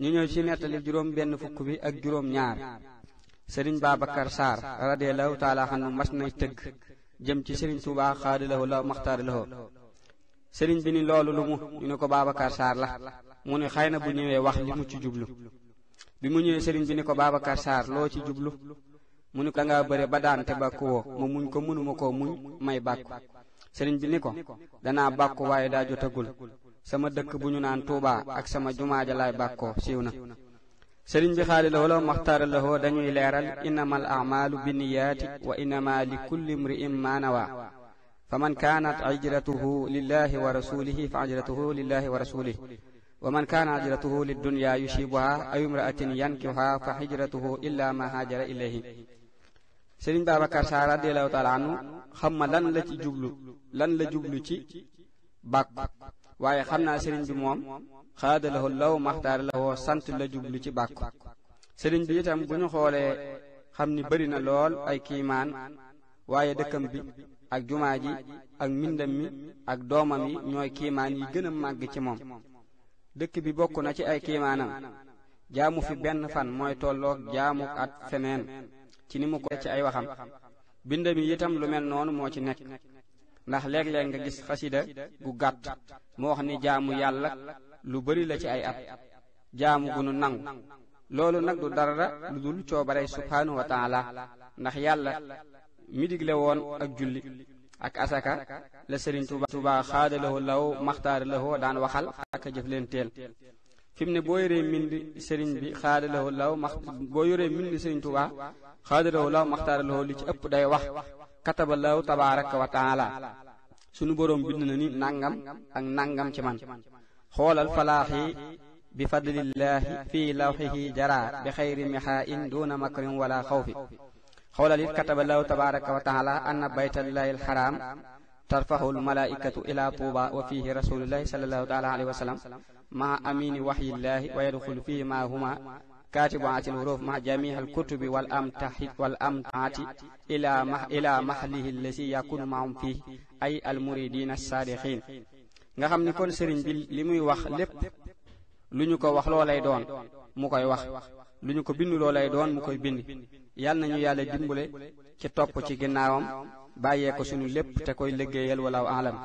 ñu ñëw ci nettali juróom benn fukk bi ak juróom ñaar sëriñ Babacar Sarr la taala anhu mas nay tëgg jëm ci sëriñ Tuubaa xaadilahu la maxtaarilahu sëriñ bi ni loolu lu mu ñu ne ko Babacar Sarr la mu ne xëy na bu ñëwee wax li mu ci jublu bi mu ñëwee sëriñ bi ni ko Babacar Sarr loo ci jublu mu ni ko da bëre ba daan te bàkkuwoo ma muñ ko mënuma koo muñ may bàkku sëriñ bi ni ko danaa bàkku waaye daa jotagul sama dëkk bu ñu naan Touba ak sama jumaa ja laay bàkkoo siiw na sëriñ bi xaali lawloo maxtaara lawoo dañuy leeral innamal a'maalu binniyaati wa innama li kulli imri'in maa fa man kaanat hijratuhu lillahi wa rasulihi fa hijratuhu lillahi wa rasulihi wa man kaana hijratuhu liddunya yusibuha aw imra'atin yankihuha fa hijratuhu illa ma haajara ilayhi sëriñ Babacar Sa radiyallahu taala anhu xam ma lan la ci jublu lan la jublu ci bàkku waaye xam naa sëriñ bi moom xaadalahu law maxtaar la woo sant la jublu ci bàkku sëriñ bi itam bu ñu xoolee xam ni bari na lool ay kiimaan waaye dëkkam bi ak jumaa ji ak mbindam mi ak doomam yi ñooy kiimaan yi gën màgg ci moom dëkk bi bokk na ci ay kiimaanam jaamu fi benn fan mooy tolloog jaamu at feneen ci ni mu ko ci ay waxam bindam yi itam lu mel noonu moo ci nekk ndax léeg-léeg nga gis xasida gu gàtt mu wax ni jaamu yàlla lu bari la ci ay at jaamu gu nu nangu loolu nag du dara lu dul coobarey subhaanahu wa taala ndax yàlla mi digle woon ak julli ak asaka la sëriñ Tuubaa xaadalawoo law maxtaaralawoo daan waxal ak jëf leen teel fi mu ne boo yoree mbind sëriñ bi xaadalawoo law max boo yoree mbind sëriñ Tuubaa xaadalawoo law maxtaaralawoo li ci ëpp day wax kataballahu tabaraka wa taala sunu borom bind na ni nangam ak nangam ci man xoolal falaaxi bi fadlillahi fi lawxihi jara bi xayri mixaa'in duna makrin wala xawfi xoolal it kataballahu tabaraka wa taala anna baytallahi alxaram ترفعه الملائكة إلى طوبى وفيه رسول الله صلى الله عليه وسلم مع أمين وحي الله ويدخل فيه ما هما كاتب عن الحروف مع جميع الكتب والأمتعات إلى مح إلى محله الذي يكون معهم فيه أي المريدين الصادقين nga xam ni kon sëriñ bi li muy wax lépp lu ñu ko wax loo lay doon mu koy wax lu ñu ko bind loo lay doon mu koy bind yal nañu yàlla dimbale ci topp ci ginnaawam bàyyee ko suñu lépp te koy liggéeyal walaw alam